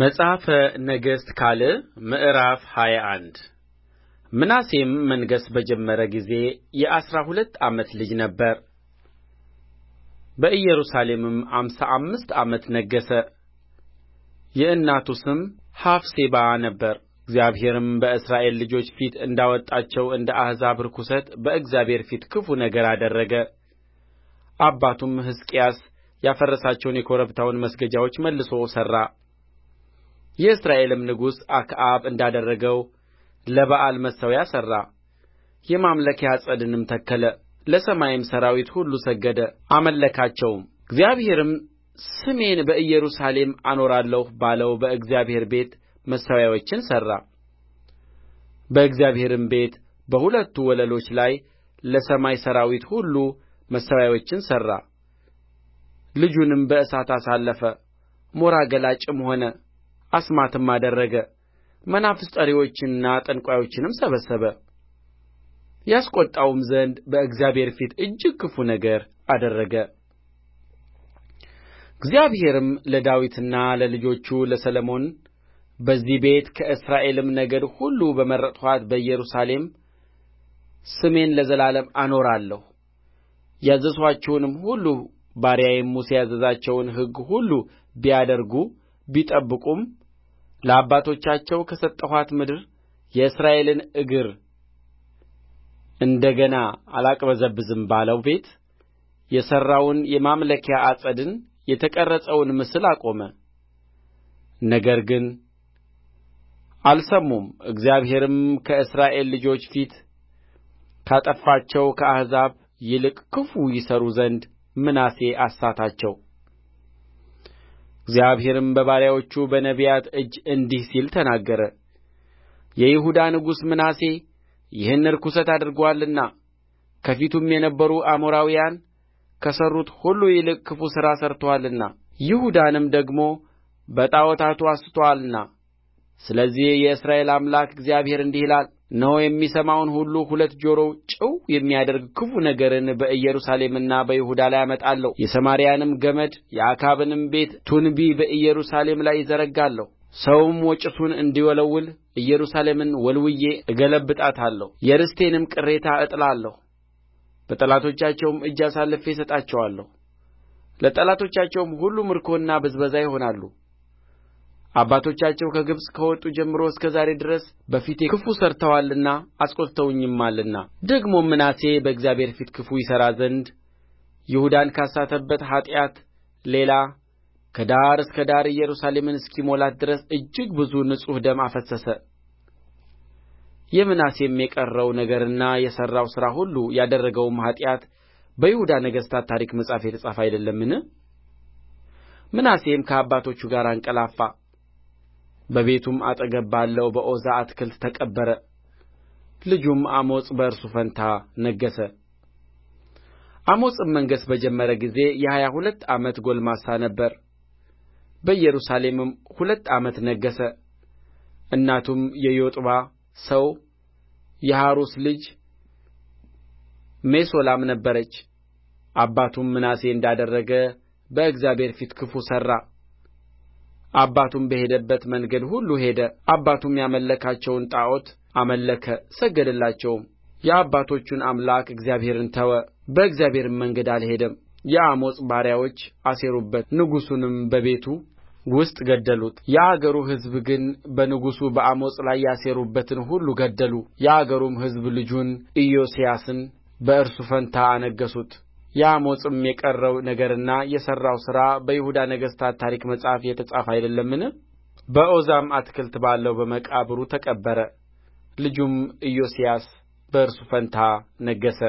መጽሐፈ ነገሥት ካልዕ ምዕራፍ ሃያ አንድ ምናሴም መንገሥ በጀመረ ጊዜ የአሥራ ሁለት ዓመት ልጅ ነበረ። በኢየሩሳሌምም አምሳ አምስት ዓመት ነገሠ። የእናቱ ስም ሐፍሴባ ነበር። እግዚአብሔርም በእስራኤል ልጆች ፊት እንዳወጣቸው እንደ አሕዛብ ርኵሰት በእግዚአብሔር ፊት ክፉ ነገር አደረገ። አባቱም ሕዝቅያስ ያፈረሳቸውን የኮረብታውን መስገጃዎች መልሶ ሠራ። የእስራኤልም ንጉሥ አክዓብ እንዳደረገው ለበኣል መሠዊያ ሠራ የማምለኪያ ዐፀድንም ተከለ ለሰማይም ሠራዊት ሁሉ ሰገደ አመለካቸውም እግዚአብሔርም ስሜን በኢየሩሳሌም አኖራለሁ ባለው በእግዚአብሔር ቤት መሠዊያዎችን ሠራ በእግዚአብሔርም ቤት በሁለቱ ወለሎች ላይ ለሰማይ ሠራዊት ሁሉ መሠዊያዎችን ሠራ ልጁንም በእሳት አሳለፈ ሞራ ገላጭም ሆነ አስማትም አደረገ መናፍስት ጠሪዎችንና ጠንቋዮችንም ሰበሰበ ያስቈጣውም ዘንድ በእግዚአብሔር ፊት እጅግ ክፉ ነገር አደረገ እግዚአብሔርም ለዳዊትና ለልጆቹ ለሰሎሞን በዚህ ቤት ከእስራኤልም ነገድ ሁሉ በመረጥኋት በኢየሩሳሌም ስሜን ለዘላለም አኖራለሁ ያዘዝኋቸውንም ሁሉ ባሪያዬም ሙሴ ያዘዛቸውን ሕግ ሁሉ ቢያደርጉ ቢጠብቁም ለአባቶቻቸው ከሰጠኋት ምድር የእስራኤልን እግር እንደ ገና አላቅበዘብዝም ባለው ቤት የሠራውን የማምለኪያ ዐፀድን የተቀረጸውን ምስል አቆመ። ነገር ግን አልሰሙም። እግዚአብሔርም ከእስራኤል ልጆች ፊት ካጠፋቸው ከአሕዛብ ይልቅ ክፉ ይሠሩ ዘንድ ምናሴ አሳታቸው። እግዚአብሔርም በባሪያዎቹ በነቢያት እጅ እንዲህ ሲል ተናገረ የይሁዳ ንጉሥ ምናሴ ይህን ርኵሰት አድርጎአልና ከፊቱም የነበሩ አሞራውያን ከሠሩት ሁሉ ይልቅ ክፉ ሥራ ሠርቶአልና ይሁዳንም ደግሞ በጣዖታቱ አስቶአልና ስለዚህ የእስራኤል አምላክ እግዚአብሔር እንዲህ ይላል እነሆ የሚሰማውን ሁሉ ሁለት ጆሮው ጭው የሚያደርግ ክፉ ነገርን በኢየሩሳሌምና በይሁዳ ላይ አመጣለሁ የሰማርያንም ገመድ የአክዓብንም ቤት ቱንቢ በኢየሩሳሌም ላይ እዘረጋለሁ ሰውም ወጭቱን እንዲወለውል ኢየሩሳሌምን ወልውዬ እገለብጣታለሁ የርስቴንም ቅሬታ እጥላለሁ በጠላቶቻቸውም እጅ አሳልፌ እሰጣቸዋለሁ ለጠላቶቻቸውም ሁሉ ምርኮና ብዝበዛ ይሆናሉ አባቶቻቸው ከግብጽ ከወጡ ጀምሮ እስከ ዛሬ ድረስ በፊቴ ክፉ ሠርተዋልና አስቈጥተውኝማልና ደግሞም ምናሴ በእግዚአብሔር ፊት ክፉ ይሠራ ዘንድ ይሁዳን ካሳተበት ኃጢአት ሌላ ከዳር እስከ ዳር ኢየሩሳሌምን እስኪሞላት ድረስ እጅግ ብዙ ንጹሕ ደም አፈሰሰ። የምናሴም የቀረው ነገርና የሠራው ሥራ ሁሉ ያደረገውም ኃጢአት በይሁዳ ነገሥታት ታሪክ መጽሐፍ የተጻፈ አይደለምን? ምናሴም ከአባቶቹ ጋር አንቀላፋ በቤቱም አጠገብ ባለው በዖዛ አትክልት ተቀበረ ልጁም አሞጽ በእርሱ ፋንታ ነገሠ አሞጽም መንገሥ በጀመረ ጊዜ የሀያ ሁለት ዓመት ጕልማሳ ነበረ በኢየሩሳሌምም ሁለት ዓመት ነገሠ እናቱም የዮጥባ ሰው የሐሩስ ልጅ ሜሶላም ነበረች አባቱም ምናሴ እንዳደረገ በእግዚአብሔር ፊት ክፉ ሠራ አባቱም በሄደበት መንገድ ሁሉ ሄደ አባቱም ያመለካቸውን ጣዖታት አመለከ ሰገደላቸውም የአባቶቹን አምላክ እግዚአብሔርን ተወ በእግዚአብሔርም መንገድ አልሄደም የአሞጽ ባሪያዎች አሴሩበት ንጉሡንም በቤቱ ውስጥ ገደሉት የአገሩ ሕዝብ ግን በንጉሡ በአሞጽ ላይ ያሴሩበትን ሁሉ ገደሉ የአገሩም ሕዝብ ልጁን ኢዮስያስን በእርሱ ፋንታ አነገሡት የአሞጽም የቀረው ነገርና የሠራው ሥራ በይሁዳ ነገሥታት ታሪክ መጽሐፍ የተጻፈ አይደለምን በዖዛም አትክልት ባለው በመቃብሩ ተቀበረ ልጁም ኢዮስያስ በእርሱ ፋንታ ነገሠ